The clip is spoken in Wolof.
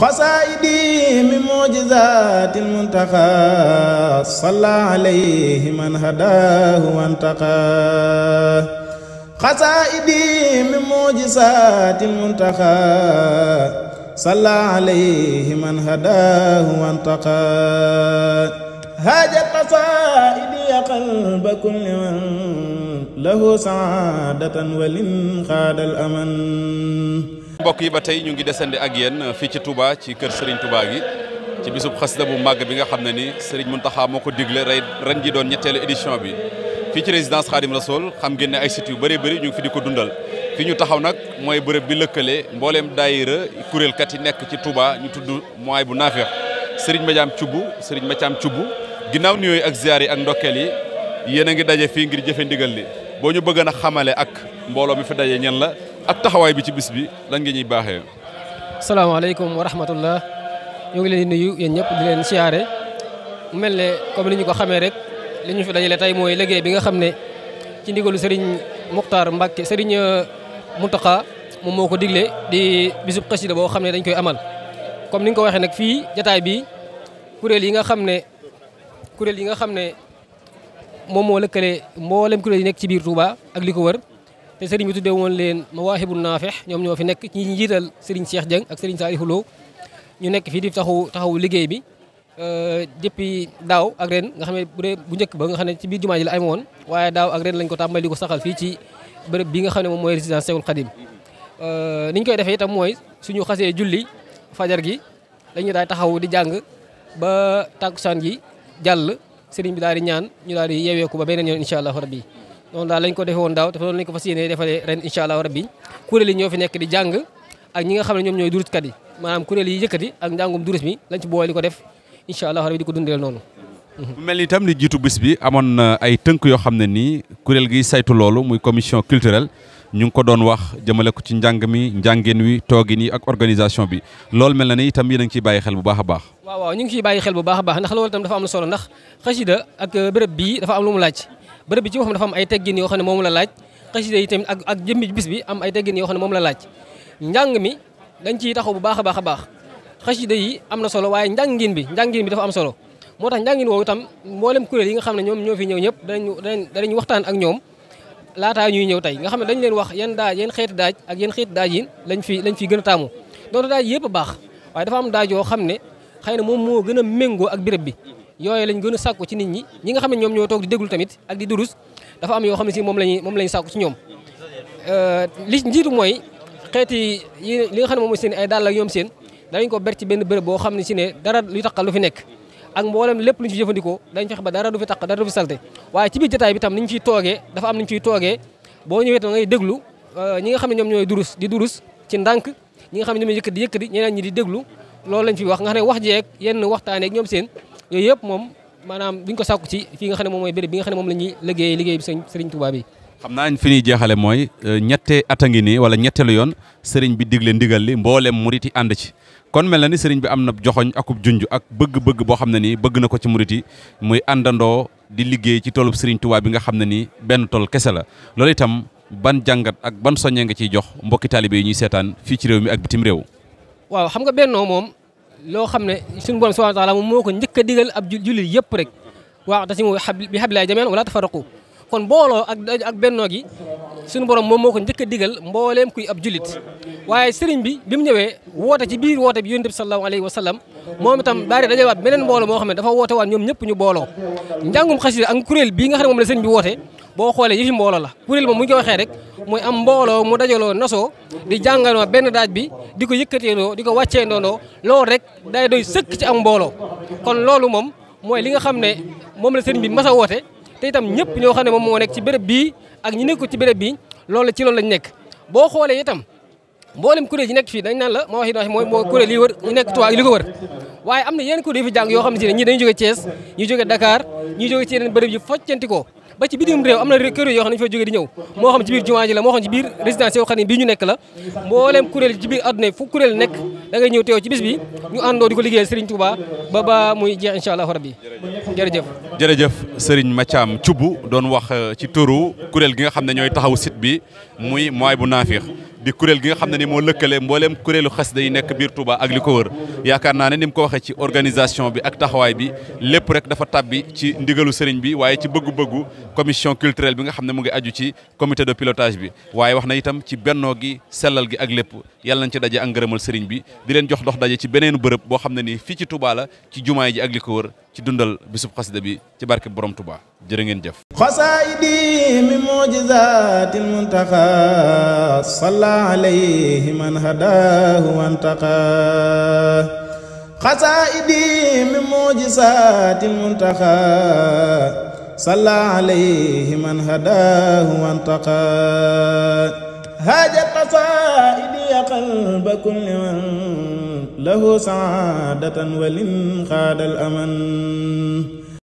xasaayidi min mujizati lmuntaqa salla alayhi man hadaahu wantaqa xasaayidi min mujizati lmuntaqa salla alayhi man hadaahu wantaqa haajat xasaayidi ya qalba kulli man lahu saadatan walin xaadal aman mbokk yi ba tey ñu ngi desandi ak yéen fii ci tubaa ci kër sëriñ Touba gi ci bisub xasida bu màgg bi nga xam ne ni Serigne Mountakha moo ko digle rey ren ji doon ñetteelu édition bi fii ci résidence Khadim sol xam ngeen ne ay site yu bëree bëri ñu ngi fi di ko dundal fi ñu taxaw nag mooy bërëb bi lëkkale mbooleem daayira kuréelkat yi nekk ci Touba ñu tudd mooy bu naafeex Serigne Madiame Thioub Serigne Mathiam Thioub ginnaaw nuyooyu ak ziar yi ak ndokkeel yi yéen a ngi daje fii ngir jëfe ndigal boo ñu bëgg a xamale ak mbooloo mi fi daje ñen la ak taxawaay bi ci bis bi lan nga ñuy baaxee. salaamaaleykum wa rahmatullah ñu ngi leen di nuyu yéen ñëpp di leen siyaare mel ne comme ni ñu ko xamee rek li ñu fi dajale tey mooy liggéey bi nga xam ne ci ndigalu Serigne Muxtaar Mbàkke Serigne uh, Muntaxa moom moo ko digle di bisub xasida boo xam ne dañ koy amal. comme ni nga ko waxee nag fii jataay bi kuréel yi nga xam ne kuréel yi nga xam ne moom moo lëkkale mboolem kuréel yi nekk ci biir Touba ak li ko wër. te sëriñ bi tuddee woon leen Mawahibou Nafih ñoom ñoo fi nekk ci ñi jiital sëriñ Cheikh Dieng ak sëriñ Saliou Lo ñu nekk fii di taxaw taxaw liggéey bi euh, depuis daaw ak ren nga xam ne bu njëkk ba nga xam ne ci biir jumaa ji la amee woon waaye daaw ak lañ ko tàmbali ko saxal fii ci bërëb bi nga xam ne moom mooy résidence Cheikhoul Khadim euh, ni ñu koy defee itam mooy suñu xasee julli fajar gi dañu daal taxaw di jàng ba tàkkusaan gi jàll sëriñ bi daal di ñaan ñu daal di yeeweeku ba beneen yoon incha allahu rabbi noonu daal lañ ko defee woon daaw te noonu lañ ko fas yéene defalee ren incha allah rabbi nekk di jàng ak ñi nga ne ñoom ñooy duruskat yi maanaam kuréel yi yëkkati ak njàngum durus mi lañ ci ko def incha allah rabbi di ko dundeel noonu mu mel ni itam li jiitu bis bi amoon na ay tënk yoo xam ne nii kuréel gi saytu loolu muy commission culturelle ñu ngi ko doon wax jëmale ko ci njàng mi njàngeen wi toogin yi ak organisation bi loolu mel na ni itam yéen ciy bàyyi xel bu baax a baax waaw waaw ñu ngi xel bu baax a baax ndax loolu itam dafa am solo ndax xasida ak euh, béréb bii dafa am lu mu laaj bërëb bi ci wax dafa am ay teggin yoo xam ne moom la laaj xasida yi tamit ak ak jëmmi bis bi am ay teggin yoo xam ne moom la laaj njàng mi dañ ciy taxaw bu baax a baax a baax xasida yi am na solo waaye njàngin bi njàngin bi dafa am solo moo tax njàngin woowu itam mboolem kuréel yi nga xam ne ñoom ñoo fi ñëw ñëpp danañu waxtaan ak ñoom laataa ñuy ñëw tey nga xam ne dañ leen wax yan daaj yan xeeti daaj ak yan xeeti daaj yi lañ fi lañ fi gën a taamu doonte daaj yëpp a baax waaye dafa am daaj yoo xam ne xëy na moom moo gën a méngoo ak béréb bi yooyu lañ gën a sàkku ci nit ñi ñi nga xam ne ñoom ñoo toog di déglu tamit ak am yoo xam ne si moom lañu moom lañu sàkku ci ñoom euh, li njiitu mooy xeeti yi li nga xam ne moom seen ay dàll ak ñoom seen danañ ko ber ci benn bërëb boo xam ne ne dara luy taqal lu fi nekk ak mboolem lépp lu ñu jëfandikoo dañ ba dara du taq dara fi salte waaye ci biir jotaay bi tam niñ fiy toogee dafa am niñ fiy toogee boo ñëwee tam ngay déglu euh, ñi nga xam ne ñoom ñooy durus di durus ci ndànk ñi nga xam ne ñoom yëkkati yëkkati ñeneen ñi di déglu loolu lañ fi wax nga xam ne wax jeeg yenn waxtaaneeg ñoom seen yooyu yëpp moom maanaam duñ ko sàkku ci fii nga xam ne moom mooy béréb bi nga xam ne moom la ñuy liggéey bi sëriñ Touba xam naa fi ñuy jeexale mooy euh, ñette at a ngi nii wala ñetteelu yoon sëriñ bi digle ndigal li mboolem murit yi ànd ci kon mel na ni sëriñ bi am na joxoñ akub junj ak bëgg-bëgg boo xam ne nii bëgg na ko ci murit yi muy àndandoo di liggéey ci toolu sëriñ Touba bi nga xam ne nii benn tool kese la loolu itam ban jàngat ak ban soññee nga ciy jox mbokki taalibe yi ñuy seetaan fii ci réew mi ak bitim réew loo xam ne suñu borom subhanahu wa taala moom moo ko njëkk a digal ab jullit yëpp rek waaw tasimu bi hablillahi jamii'an wala tafarraqu kon booloo ak ak bennoo gi suñu borom moom moo ko njëkk a digal mbooleem kuy ab julit waaye sëriñ bi bi mu ñëwee woote ci biir woote bi yonent bi sallallahu alayhi wa sallam moom itam bari dañuy waat beneen mbooloo moo xam ne dafa woote waat ñoom ñëpp ñu booloo njàngum xasida ak kuréel bii nga xam ne moom la sëriñ bi woote la kuréel moom mu ngi ko waxee rek mooy am mbooloo mu dajaloo nosoo di jànganoo benn daaj bi di ko yëkkateendoo di ko wàcceendoo loolu rek day doy sëkk ci am mbooloo kon loolu moom mooy li nga xam ne moom la sëriñ bi mas a woote te itam ñëpp ñoo xam ne moom moo nekk ci béréb bii ak ñi nekkul ci béréb bii loolu ci loolu lañ nekk boo xoolee itam mboolem kuréel yi nekk fii dañ naan la moo wax it mooy mooy kuréel yi wër ñu nekk Touba ak li ko wër waaye am na yeneen kuréel yu fi jàng yoo xam ne si ne ñii dañu jóge Thiès ñu jóge Dakar ñu jóge ci yeneen béréb yi foccanti ba ci bitim réew am na kër yoo xam ne ñu fa jógee di ñëw moo xam ci biir jumaa ji la moo xam ci biir résidence yoo xam ne bii ñu nekk la mbooleem kuréel ci biir adduna fu kuréel nekk da ñëw teew ci bis bi ñu àndoo di ko liggéeyal Serigne Touba ba ba muy jeex incha allahu rabbi jërëjëf jërëjëf Serigne Mathiam Thioub doon wax euh, ci turu kuréel gi nga xam ne ñooy taxaw site bi muy mooy bu naafix di kuréel gi nga xam ne ni moo lëkkale mbooleem kuréelu xasida yi nekk biir Touba ak li ko wër yaakaar naa ne ni mu ko waxee ci organisation bi ak taxawaay bi lépp rek dafa tabbi ci ndigalu sëriñ bi waaye ci bëggu-bëggu commission culturelle bi nga xam ne mu ngi aju ci comité de pilotage bi waaye wax na itam ci bennoo gi sellal gi ak lépp yalla nañ ci daje ak ngërëmal sëriñ bi di leen jox dox daje ci beneen bërëb boo xam ne ni fii ci Touba ci jumaay ji ak li ko wër ci dundal bisub xasida bi ci barke borom Touba jërë ngeen jëf xasaayidi mi mujizaatil muntaqa salla alayhi man hadaahu wantaqa xasaayidi mi mujizaatil muntaqa salla alayhi man hadaahu wantaqa haajat qasaa'idi qalba kulli man lahu saadatan walin xaadal aman